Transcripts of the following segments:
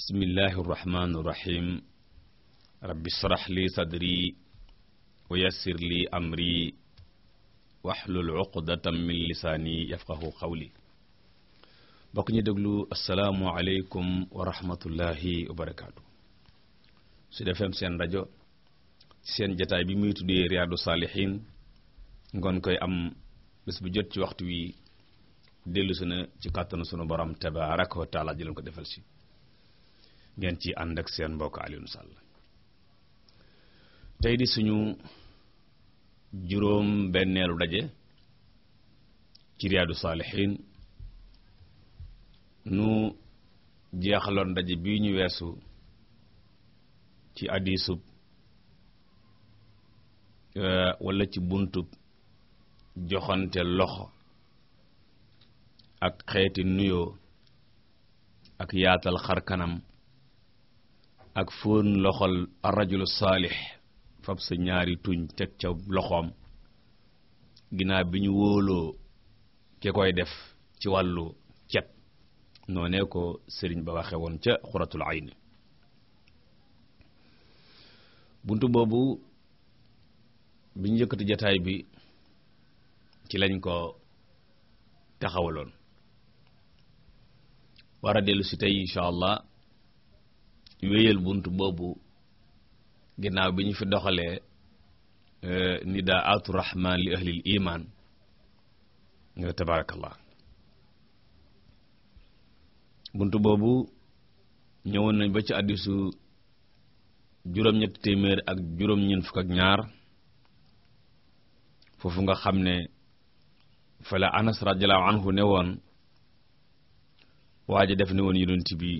bismillahi irrahmani irrahim rabbi shrah li sadri wa yassir li amri waxlul uqdatam min lisaani yafqahu qawli bokk ñu déglu asalaamu aleykum wa rahmatullahi su defeem seen rajo seen jataay bi muy tuddee riyaadu saalihiin ngoon koy am bés bu jot ci waxtu wi dellu si na ci kàttanu sunu borom tabaaraka wa taala jëleen ko defal si ngeen ci ànd ak seen mbokk Alioune Sall tey di suñu juróom benneelu daje ci riyaadu saalixiin nu jeexaloon daje bii ñu weesu ci addisub euh, wala ci buntub joxante loxo ak xeeti nuyoo ak yaatal xar kanam ak fóon loxol arrajulu saalix fab sa ñaari tuñ teg ca loxoom ginaar bi ñu wóoloo ki koy def ci wàllu cet noonee ko sëriñ ba waxe woon ca xuratul ayni buntu boobu bi ñu yëkkati jataay bi ci lañ ko taxawaloon war a tey incha allah wéyal bunt boobu ginnaaw bi ñu fi doxalee euh, nidaa atu rahman li ahlil iman nga tabarakallah bunt boobu ñëwoon nañ ba ci addisu juróom-ñetti téeméer ak juróom-ñeent fukk ak ñaar foofu nga xam ne fala anas radiallahu anhu ne woon waaja def ne woon yonent bi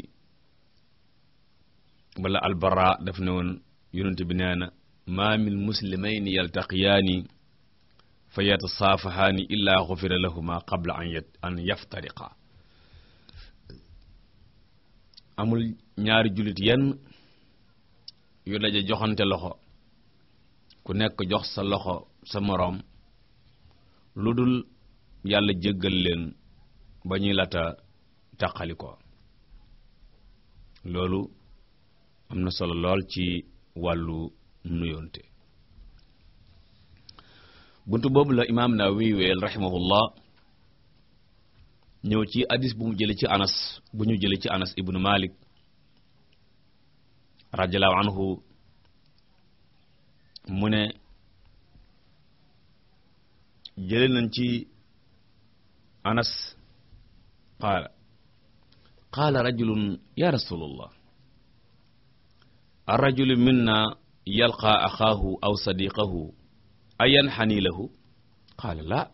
wala albara daf ne woon yonent bi nee na maa min muslimayni yaltaqiyaani fa yatasaafahaani illaa xufira lahuma qabla an yet an yaftariqa amul ñaari jullit yenn yu daje joxante loxo ku nekk jox sa loxo sa moroom lu dul yàlla jëggal leen ba ñuy lata taqali ko loolu am na solo lool ci wàllu nuyoonte bunt boobu la imaam na weel rahimahullah ñëw ci hadis bu mu jële ci anas bu ñu jële ci anas ibnu malik radiallahu anhu mu ne jële nañ ci anas qaala qaala rajulun ya arrajulu minna yalqaa axaahu aw sadiqahu ayan xanii lahu qaala laa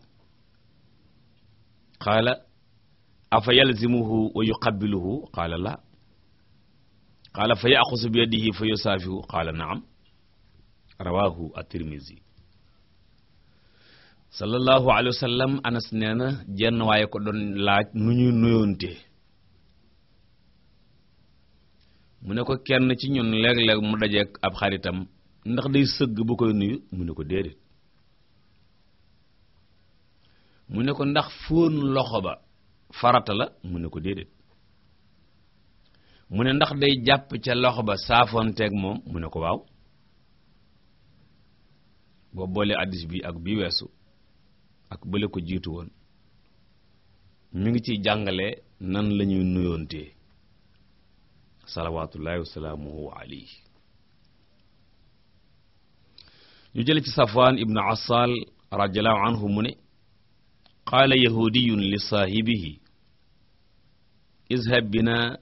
qaala afa yalzimuhu wa yuqabbiluhu qaala laa qaala fa yaxusu bi yadihi fa yusaafihu qaala naam rawaahu at-Tirmizi sallallahu alayhi wa sallam anas nee na jenn waaye ko doon laaj nu ñuy nuyoonte mu ne ko kenn ci ñun léeg-léeg mu dajeeg ab xaritam ndax day sëgg bu koy nuyu mu ne ko déedéet mu ne ko ndax fóon loxo ba farata la mu ne ko déedéet mu ne ndax day jàpp ca loxo ba saafoonteeg moom mu ne ko waaw boo boole addis bi ak bi weesu ak bële ko jiitu woon mu ngi ciy jàngale nan lañuy ñuy nuyoontee salawaatullaahi wa salaamuhu alayhi ñu jële ci safwaan ibnu asal radiallahu anhu mu ne qaala yahudiyun li saahibihi izhab bina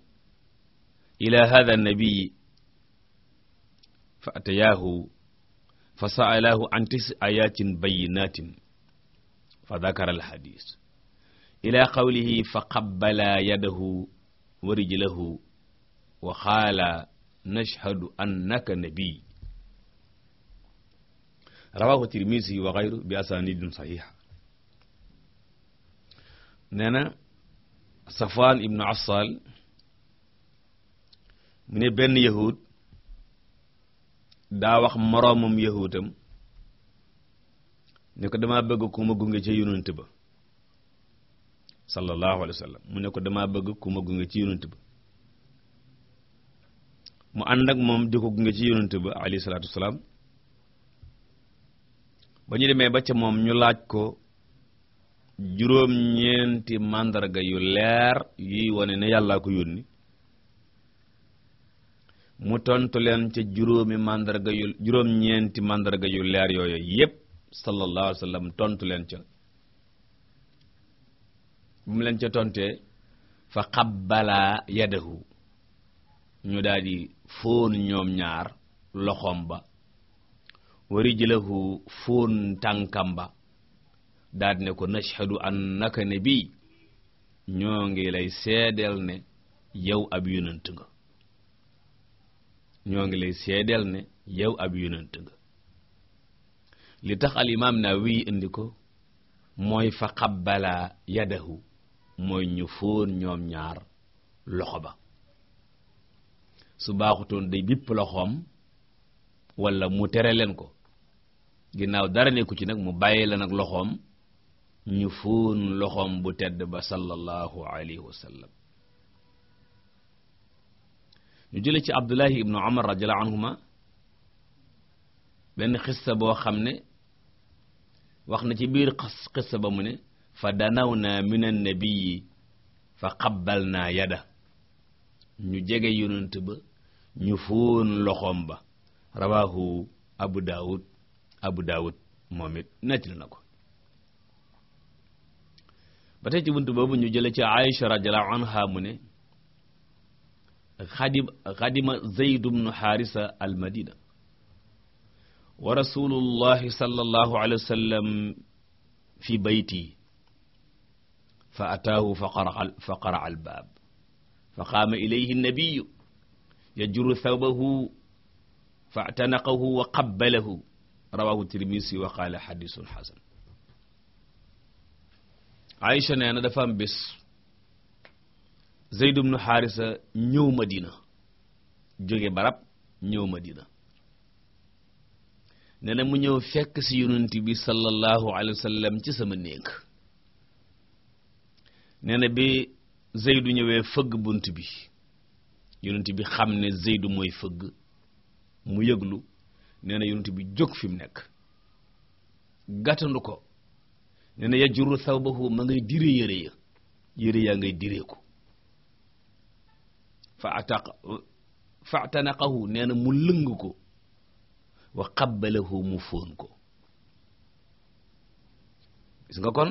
ila hada nabiyi fa atayaahu fa sa'alahu an tisi ayatin bayinatin fa dakara alhadis ila qawlihi fa qabbala yadahu wa rijlahu wa xaala nashhadu annaka nabi rawahu tirmisi wa xayru bi asanidin saxiixa nee na Safwaan ibnu Assal mu ne benn yahud daa wax moroomam yahuutam ne ko damaa bëgg ku ma gunge ci yonent ba sallallahu alayhi wa mu ne ko damaa bëgg ku ma gunge ci yonent ba mu ànd ak moom di ko gunge ci yonent ba alayhi salaatu wasalaam ba ñu demee ba ca moom ñu laaj ko juróom-ñeenti màndarga yu leer yi wane ne yàllaa ko yónni mu tontu leen ca juróomi màndarga yu leer yooyu yépp sallallahu alayhi wa tontu leen ca bu mu leen ca tontee fa xabbalaa yadahu ñu daal di fóon ñoom ñaar loxoom ba warijlahu fóon tànkam ba daal ne ko nashhadu annaka nabi ñoo ngi lay seedeel ne yow ñoo ngi lay seedeel ne yow ab yonent nga li tax al imaam Nawawi indi ko mooy fa qabbala yadahu mooy ñu fóon ñoom ñaar loxo ba su baaxutoon day bipp loxoom wala mu tere leen ko ginnaaw dara nekku ci nag mu bàyyi la nag loxoom ñu fóon loxoom bu tedd ba sallallahu alayhi wa ñu jële ci abdullahi ibnu umar radiyallahu anhuma benn xissa boo xam ne wax na ci biir xissa ba mu ne fa danawna min annabiyi fa naa yada ñu jege yonent ba ñu fóon loxoom ba rawaahu abu daawud abu daawud moom it nettali na ko ba tey ci bunt boobu ñu jële ci aïsha radiyallahu anha mu ne xadim xadima zayd ibnu xaarisa al madina wa rasulullahi sallallahu alayhi wa sallam fi bayti fa ataahu fa qara al baab fa qaama ilayhi nabiyu yajuru thawbahu fa atanaqahu wa qabbalahu rawahu tirmisi wa qaala xadisun xasan Aïcha nee na dafa am bés Zeyd ibnu Xaarisa ñëw Madina jóge barab ñëw Madina nee na mu ñëw fekk ci yonent bi sallallahu alayhi wa sallam ci sama néeg nee na bi Zeydu ñëwee fëgg bunt bi yonent bi xam ne Zeydu mooy fëgg mu yëglu nee na yonent bi jóg fi mu nekk gàttandu ko nee na yajuru saw ma ngay dire yére ya yére yaa ngay direeku fa ataq fa atanaqahu nee na mu lëng ko wa qabbalahu mu fóon ko gis nga kon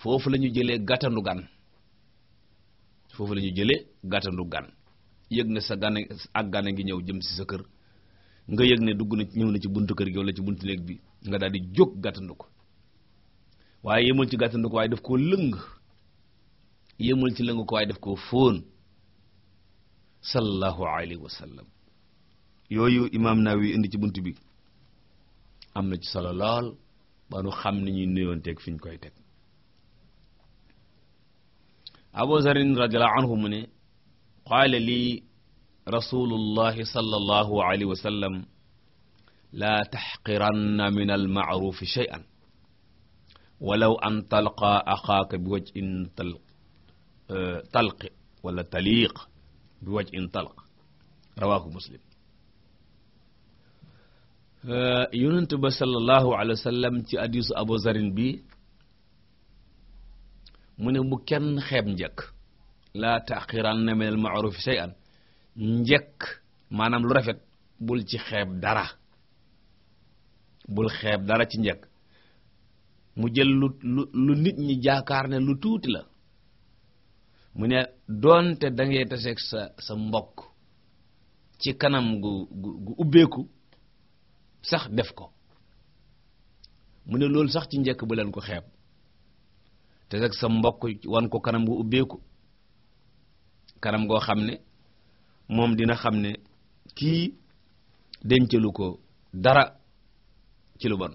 foofu la ñu jëlee gàttandu gan foofu la ñuy jëlee gàttandu gan yëg na sa gan ak gan a ngi ñëw jëm si sa kër nga yëg ne dugg na ñëw na ci buntu kër gi wala ci buntu néeg bi nga daal di jóg gàttandu ko waaye yemul ci gàttandu ko waaye daf koo lëng ci lëng ko waaye daf koo fóon sallallahu alayhi wa sallam yooyu imaam Nawawi indi ci bunt bi am na ci solo lool ba nu xam ni ñuy nuyoonteeg fi ñu koy teg abu zarin radiallahu anhu mu ne qaala lii rasulullahi sallallahu alayhi wa sallam laa taxqiranna min almaarufi shay'an walaw an talqa axaaka bi wajhin tal eh, talq wala taliq bi wajhin talq rawaahu muslim eh, yonent ba sallallahu alayhi wa sallam ci hadiisu abu zarin bi mu ne mu kenn xeeb njëkk laa taxiran na minal maarufi an njëkk maanaam lu rafet bul ci xeeb dara bul xeeb dara ci njëkk mu jël lu lu nit ñi jaakaar ne lu tuuti la mu ne doonte da ngay taseeg sa sa mbokk ci kanam gu gu gu ubbeeku sax def ko mu ne loolu sax ci njëkk bu leen ko xeeb te nag sa mbokk wan ko kanam gu ubbeeku kanam goo xam ne moom dina xam ne kii dencalu ko dara ci lu bon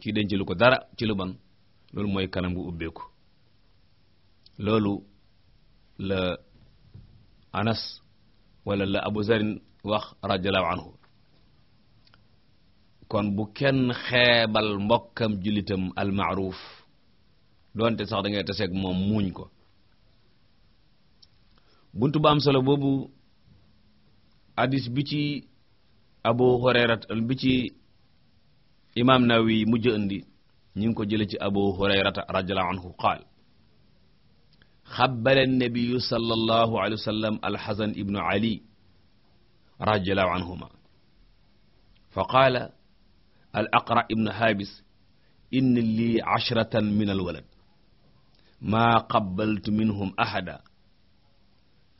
kii dencalu ko dara ci lu bon loolu mooy kanam gu ubbeeku loolu la Anas wala la Abu Zarin wax radiyallahu anhu kon bu kenn xeebal mbokkam jullitam al ma'ruf doonte sax da ngay taseeg moom muuñ ko buntu ba am solo boobu hadis bi ci abu hurayrat bi ci imam nawawi mujj indi ñu ngi ko jële ci abu hurayrata radiyallahu anhu qaal xabbala nabiyu sallallahu alayhi wa sallam alxasan ibnu ali radiyallahu anhuma fa qaala al aqra ibnu habis inni lii ashratan min alwalad ma qabbaltu minhum ahada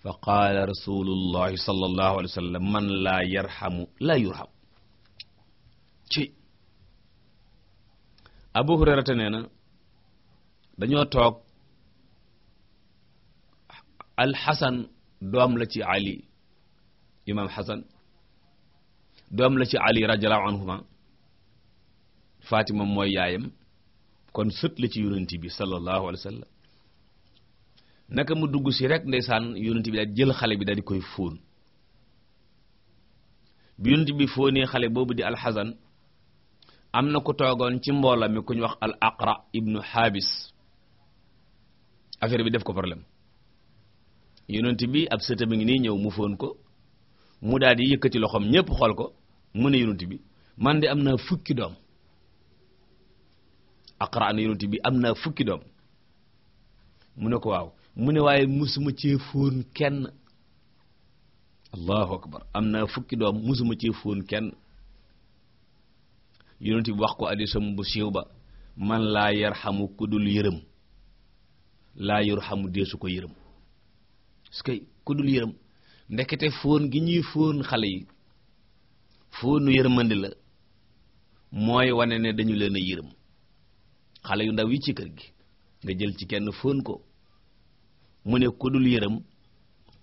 fa qaala rasulullahi sallallahu alayhi wa sallam man laa yarhamu laa yurham ci abu hurayrata nee na dañoo toog alxasan doom la ci ali imam xasan doom la ci ali radiallahu anhuma fatima mooy yaayam kon sët la ci yonent bi sallallahu alayhi wa sallam naka mu dugg si rek ndeysaan yonent bi daal jël xale bi daal koy fóon bi yonent bi fóonee xale boobu di alxasan am na ku toogoon ci mboola mi ku ñu wax al aqra ibnu xaabis affaire bi def ko problème yonent bi ab sëtam a ngi nii ñëw mu fóon ko mu daal di loxoom ñépp xool ko mu ne yonent bi man di am naa fukki doom aqra na yonent bi am naa fukki doom mu ne ko waaw mu ne waaye musuma ci fóon kenn allahu akbar am na fukki doom musuma ci fóon kenn yonent bi wax ko addisam bu siiw ba man laa yarxamu ku dul yërëm laa yarxamu deesu ko yërëm parce que ku dul yërëm ndekete fóon gi ñuy fóon xale yi fóonu yërmandi la mooy wane ne dañu leen yërëm xale yu ndaw yi ci kër gi nga jël ci kenn fóon ko mu ne ku dul yërëm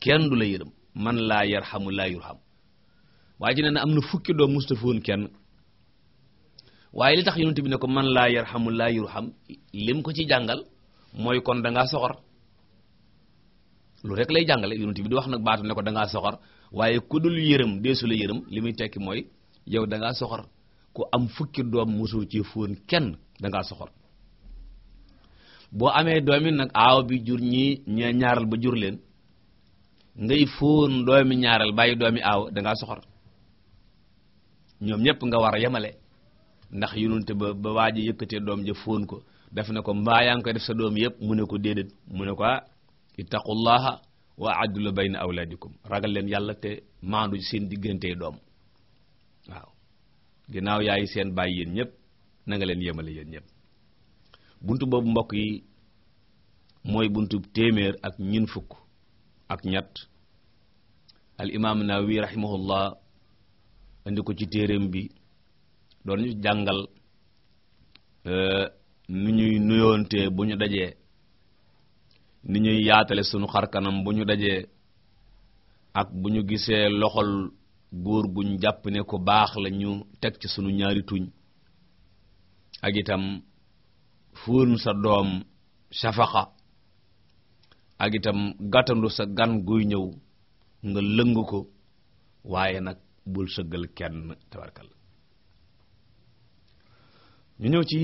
kenn du la yërëm man laa xamul laa yurham waa ji na am na fukki doom mustafa kenn waaye li tax yonent bi ne ko man laa xamul laa yurham lim ko ci jàngal mooy kon da ngaa soxor lu rek lay jàngale yonent bi di wax nag baatu ne ko da ngaa soxor waaye ku dul yërëm deesu la yërëm li muy tekki mooy yow da ngaa ku am fukki doom mosoo ci fóon kenn da ngaa soxor boo amee doomi nag aaw bi jur ñii ñee ñaaral ba jur leen ngay fóon doomi ñaaral bàyyi doomi aaw dangaa soxor ñoom ñëpp nga war a yemale ndax yununte ba ba waa ji yëkkatee doom ja fóon ko def na ko mbaa yaa ngi koy def sa doom yëpp mu ne ko déedéet mu ne ko ah ittaqullaha wa adlu bayna awlaadikum ragal leen yàlla te maandu seen diggante doom waaw ginnaaw yaay seen bàyyi yéen ñëpp nanga leen yemale yéen ñëpp bunt boobu mbokk yi mooy buntu téeméer ak ñun fukk ak ñett al imaam Nawawi rahimahullah indi ko ci téereem bi doon ñu jàngal euh, nu ñuy nuyoontee bu ñu dajee ni ñuy yaatale sunu xarkanam bu ñu dajee ak bu ñu gisee loxol góor guñ jàpp ne ko baax la ñu teg ci sunu ñaari tuñ ak itam fuun sa doom safaxa ak itam gàttandu sa gan guy ñëw nga lëng ko waaye nag bul sëggal kenn tabarkal ñu ñëw ci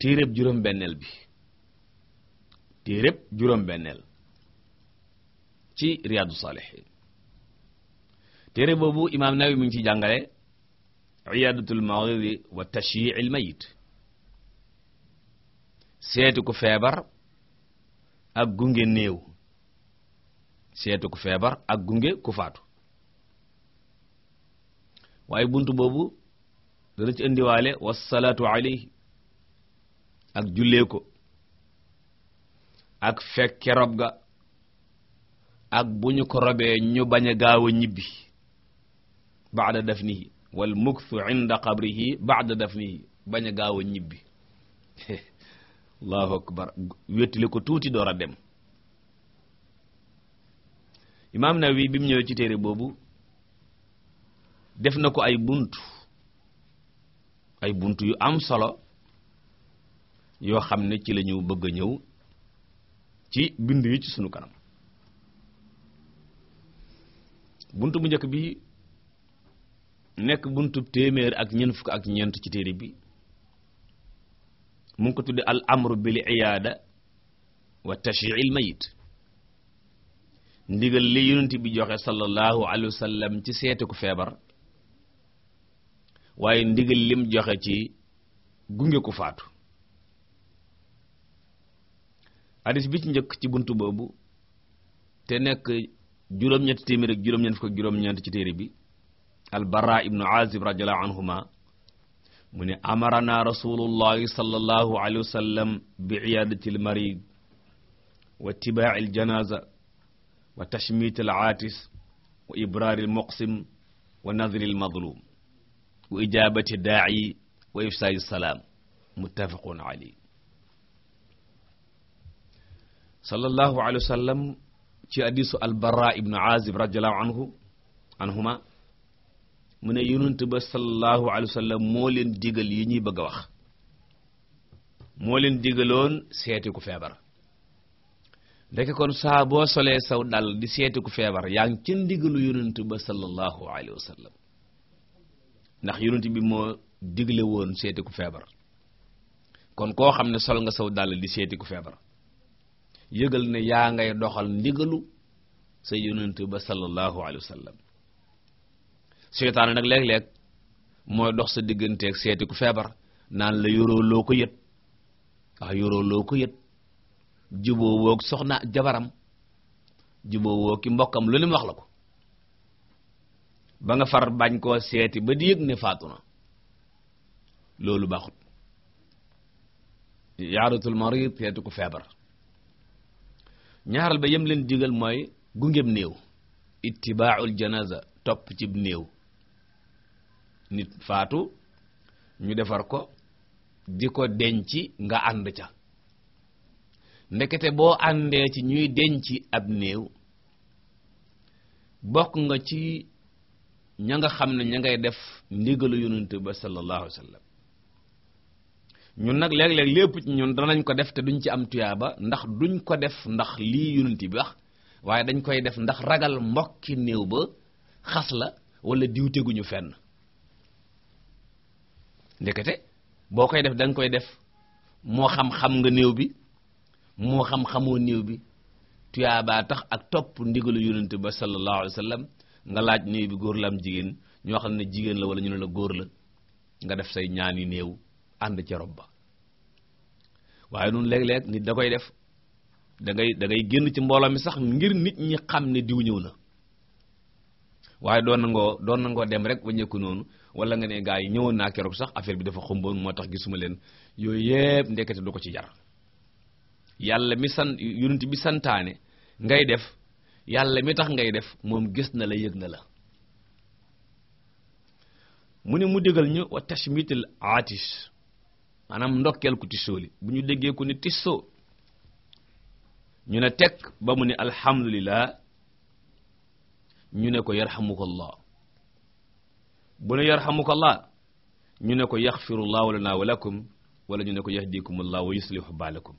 téeréb juróom-benneel bi téeréb juróom-benneel ci riyaadu saalihiin téere boobu imaam Nawawi mu ngi ci jàngale iyaadatul marid wa tashyi'il mayit seetu ku feebar ak gunge néew seetu ku feebar ak gunge ku faatu waaye buntu boobu dana ci indiwaale wasalaatu alayhi ak jullee ko ak fekke rob ga ak bu ñu ko robee ñu bañ a gaaw a ñibbi ba'da dafnihi wal mukthu inda qabrihi ba'da dafnihi bañ gaaw a ñibbi allahu akbar wettile ko tuuti door a dem imaam Nawawi bi mu ñëwee ci téere boobu def na ko ay bunt ay bunt yu am solo yoo xam ne ci lañu bëgg a ñëw ci bind yi ci sunu kanam bunt bu njëkk bi nekk buntu téeméer ak ñeent fukk ak ñeent ci téere bi mu ko tudde al amru bil iyaada wa tashyi'il mayit ndigal li yonent bi joxe sallallahu alayhi wa ci seeti ku feebar waaye ndigal lim joxe ci gunge ku faatu hadis bi ci njëkk ci bunt boobu te nekk juróom-ñetti téeméer ak juróom-ñeent ci téere bi al bara ibnu azib radiyallahu anhuma mu ne amarana rasulullahi sallallahu alayhi wa sallam bi iyadati almarid wa ittiba'i aljanaza wa tashmit alaatis wa ibrari almuqsim wa nadri almadlum wa ijabati daa'i wa ifsaa'i alsalaam muttafaqun alayhi sallallahu alayhi wa sallam ci hadisu albara ibnu azib radiyallahu anhu anhuma mu ne yonent ba sallallahu alayhi wa sallam moo leen digal yi ñuy bëgg a wax moo leen digaloon seeti ku feebar ndeke kon saaboo solee saw dal di seeti ku feebar yaa ngi ca ndigalu yonent ba sallallahu alayhi wa ndax yonent bi moo digle woon seeti ku feebar kon koo xam ne sol nga saw dal di seeti ku feebar yëgal ne yaa ngay doxal ndigalu sa yonent ba sallallahu alayhi wa sallam seytaane nag léeg-léeg mooy dox sa digganteeg seeti ku feebar naan la yoroo loo ko yët waaw yoroo loo ko yët juboo woog soxna jabaram juboo woog ki mbokkam lu lim wax la ko ba nga far bañ koo seeti ba di yëg ne faatu na loolu baaxut yaratul marid seeti ku feebar ñaaral ba yem leen digal mooy gungem néew ittibaa'ul janaza topp cib néew nit faatu ñu defar ko di ko denc nga ànd ca ndekete boo àndee ci ñuy denc ab néew bokk nga ci ña nga xam ne ña ngay def ndigalu yonent ba sallallahu alayhi wa ñun nag léeg-léeg lépp ci ñun ko def te duñ ci am tuyaaba ndax duñ ko def ndax lii yonent bi wax waaye dañ koy def ndax ragal mbokki néew ba xas la walla diw teguñu fenn ndekete boo koy def da koy def moo xam-xam nga néew bi moo xam-xamoo néew bi tuyaabaa tax ak topp ndigalu yonent ba sallallahu alayhi wa sallam nga laaj néew bi góor la am jigéen ñoo xam ne jigéen la wala ñu ne la góor la nga def say ñaani néew ànd ca ba waaye noonu léeg-léeg nit da koy def dangay dangay génn ci mbooloo mi sax ngir nit ñi xam ne diw ñëw na waaye doon nangoo doon nangoo dem rek waññeeku noonu wala nga ne gars yi ñëwoon naa keroog sax affaire bi dafa xumboon moo tax gisuma leen yooyu yëpp ndekete du ko ci jar yàlla mi san yonent bi santaane ngay def yàlla mi tax ngay def moom gis na la yëg na la mu ne mu dégal ñu wa tashmitil aatis maanaam ndokkeel ku tissoo li bu ñu déggee ku ne tissoo ñu ne teg ba mu ne alhamdulillah ñu ne ko yarhamukallah bu ne yarhamukallah ñu ne ko yaxfirullahu lana wa lakum wala ñu ne ko yahdikumullah wa yuslihu baalakum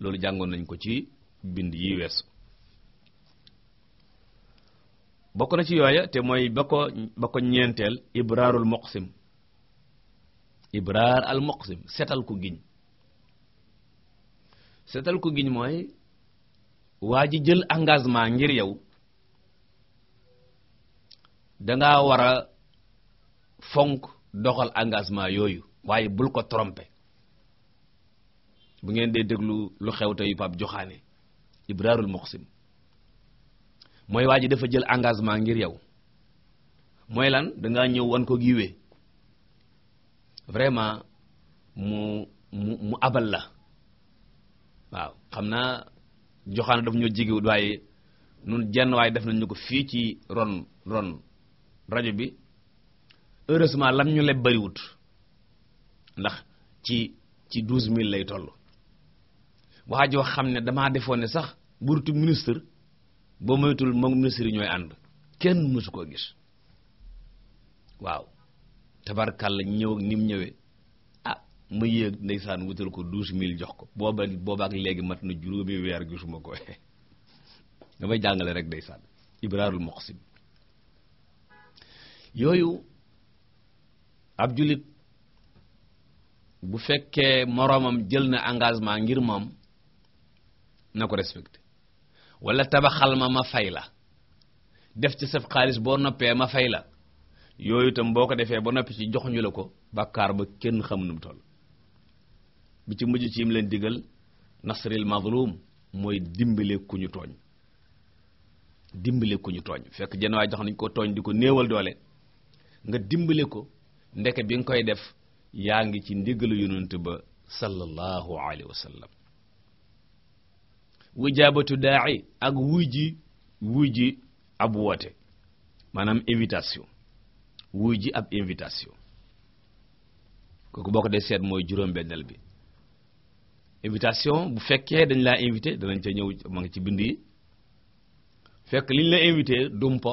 loolu jàngoon nañ ko ci bind yi weesu bokk na ci yooya te mooy ba ko ba ko ñeenteel ibraarul muqsim ibraar al setal ko giñ setal ko giñ mooy waa ji jël engagement ngir yow danga war a fonk doxal engagement yooyu waaye bul ko trompe bu ngeen dee déglu lu xew te yu Pape Joxaane Ibrarul Muqsim mooy waa ji dafa jël engagement ngir yow mooy lan dangaa ñëw wan ko giwee vraiment mu mu abal la waaw xam naa joxaan daf ñoo jigéwut waaye nun jenn waaye def nañu ko fii ci ron ron rajo bi heureusement lam ñu leb bariwut ndax ci ci douze mille lay toll waa joo xam ne damaa defoon ne sax burtu ministre boo moytul moom ministre ñooy ànd kenn mësu koo gis waaw tabarkàlla ñëw ak ni mu ñëwee ah ma yéeg ndeysaan wutal ko douze mille jox ko booba boobaak léegi mat na juróomi weer gisuma ko damay jàngale rek ndeysaan ibrarul moqsim yooyu ab jullit bu fekkee moroomam jël na engagement ngir moom na ko respecté wala tabaxal ma ma fay la def ci saf xaalis boo noppee ma fay la yooyu itam boo ko defee ba noppi ci joxuñu la ko bàkkaar ba kenn xam nu mu toll bi ci mujj ci yim leen digal nasril mazlum mooy dimbale ku ñu tooñ dimbale ku ñu tooñ fekk jenn waay jox nañ ko tooñ di ko néewal doole nga dimbale ko ndeke bi nga koy def yaa ngi ci ndigalu yonent ba sallallahu alayhi wa sallam wijaabatu daa'i ak wuy ji ji ab woote maanaam invitation wuy ji ab invitation kooku boo ko dee seet mooy juróom-benneel bi invitation bu fekkee dañ laa invité danañ ca ñëw ma ngi ci bind yi fekk liñ la invité dumpo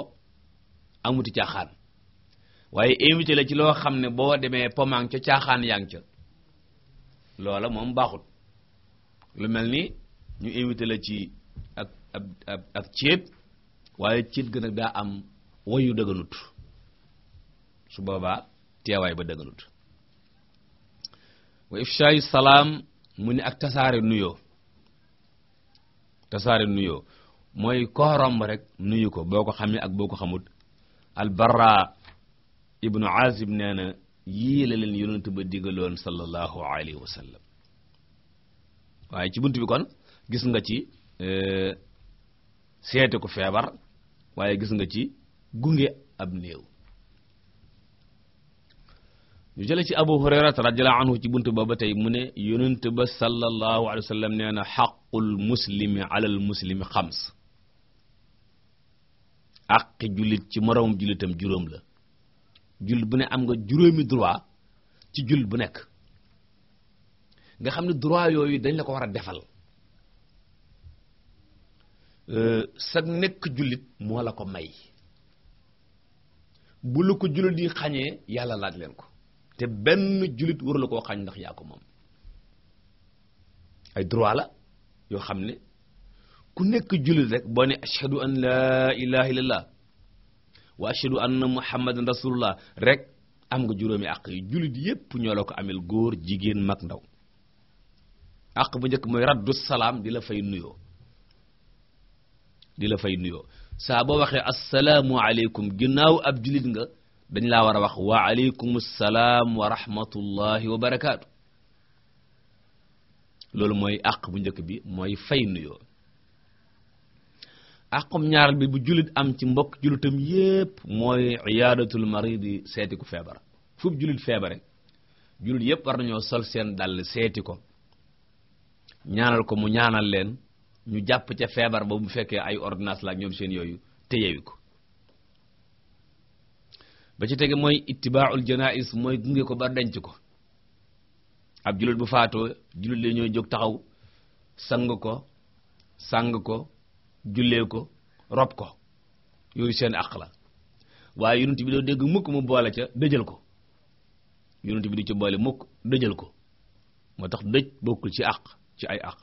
amuti caaxaan waaye invité la ci loo xam ne boo demee pomang ca caaxaan yaa ngi ca loola moom baaxut lu mel ni ñu invité la ci ak ak ak ceeb waaye ciit gën a daa am wayu dëgënut su boobaa teewaay ba dëgënut wa ifshaayu salaam mu ni ak tasaare nuyoo tasaare nuyoo mooy koo romb rek nuyu ko boo ko xamee ak boo ko xamut albarra ibnu azib nee na yii la leen yonent ba digaloon sallallahu alayhi wa waaye ci bunt bi kon gis nga ci eh, seete ko feebar waaye gis nga ci gunge ab néew ñu jële ci abu hurayrata radiyallahu anhu ci bunt ba ba tey mu ne yonent ba sallallahu alayhi wa sallam nee na xams aqi jullit ci moroomum jullitam juróom la jullit bu ne am nga juróomi droit ci jullit bu nekk nga xam ne droit yooyu dañ la ko war a defal euh, sa nekk jullit moo la ko may bu la ko jullit yi xañee yàlla laaj leen ko te benn jullit waru la koo xañ ndax yaa ko moom ay droit la yoo xam ne ku nekk jullit rek boo ne ashhadu an laa ilaha illallah wa ashhadu anna muhammadan rasulullah rek am nga juróomi àq yi julit yépp ñoo ko amel góor jigéen mag ndaw àq bu njëkk mooy raddu salaam di la fay nuyoo di la fay nuyoo saa boo waxee assalaamu aleykum ginnaaw ab jullit nga dañ laa war a wax wa aleykum salaam wa rahmatullahi wa barakaatu loolu mooy àq bu njëkk bi mooy fay nuyoo àqum ñaaral bi bu jullit am ci mbokk jullitam yépp mooy iyaadatul maridi seeti ko feebar fu jullit feebare jullit yépp war nañoo sol seen dàll seeti ko ñaanal ko mu ñaanal leen ñu jàpp ca feebar ba mu fekkee ay ordonnance la ñoom seen yooyu te yewi ko ba ci tege mooy ittibaaul janaais mooy gunge ko ba denc ko ab jullit bu faatoo jullit la ñooy jóg taxaw sang ko sang ko jullee ko rob ko yooyu seen àq la waaye yonent bi doo dégg mukk mu boole ca dëjal ko yonent bi du ci boole mukk dëjal ko moo tax dëj bokkul ci àq ci ay àq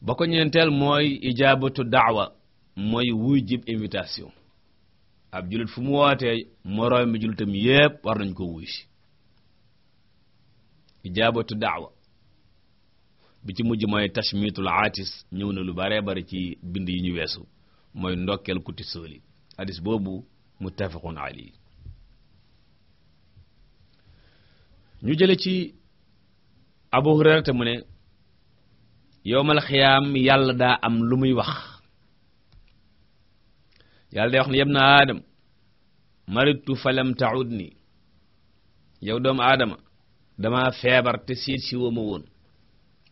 ba ko ñeenteel mooy ijaabatu daawa mooy wuy jib invitation ab jullit fu mu wootee moroom mi jullitam yépp war nañ ko wuy si ijaabatu daawa bi ci mujj mooy tashmitul aatis ñëw na lu baree bari ci bind yi ñu weesu mooy ndokkeel ku soli hadis boobu muttafaqun alayhi ñu jële ci Abu Hurayra te mu ne yowmal xiyaam yàlla daa am lu muy wax yàlla day wax ne yabna aadam maritu falam ta'udni yow doomu aadama dama feebar te seet si woo woon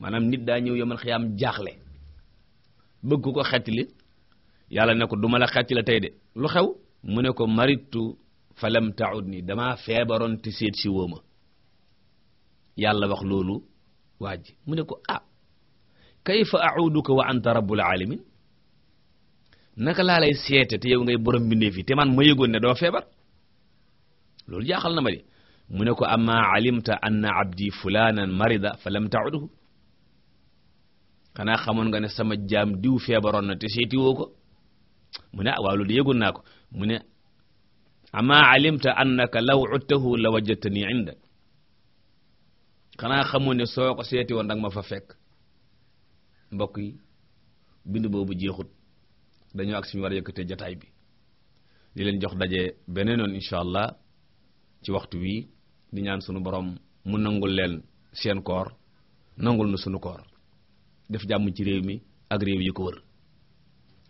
maanaam nit daa ñëw yomal xiyaam jaaxle bëgg ko xettali yàlla ne ko duma la tey de lu xew mu ne ko maritu falam taud ni dama feebaroon te seet si woo ma yàlla wax loolu waa mu ne ko ah kayfa a'uduka wa anta rabbul alamin naka laa lay seete te yow ngay borom bindee fi te man ma yëgoon ne doo feebar loolu jaaxal na ma de mu ne ko amma alimta anna abdi fulanan marida falam ta'uduhu xanaa xamoon nga ne sama jaam diw feebaroon na te seeti woo ko mu ne ah, waaw loolu yëgoon naa ko mu ne ama alimta annaka law uttahu la wajadtani xanaa xamoon ne soo ko seeti woon ma fa fekk mbokk yi bind boobu jeexut dañoo ak suñu war a yëkkatee jataay bi di leen jox daje beneenoon incha allah ci waxtu wi di ñaan sunu borom mu nangul leen seen koor nangul nu sunu koor def jàmm ci réew mi ak réew yi ko wër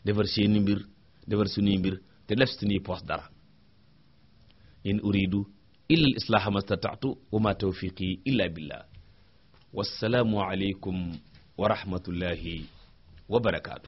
defar seeni defar suñuy mbir te def suñuy poos dara in uridu illa al islaaha mastata'tu wa ma tawfiqi illa billah wassalaamu alaykum wa rahmatullahi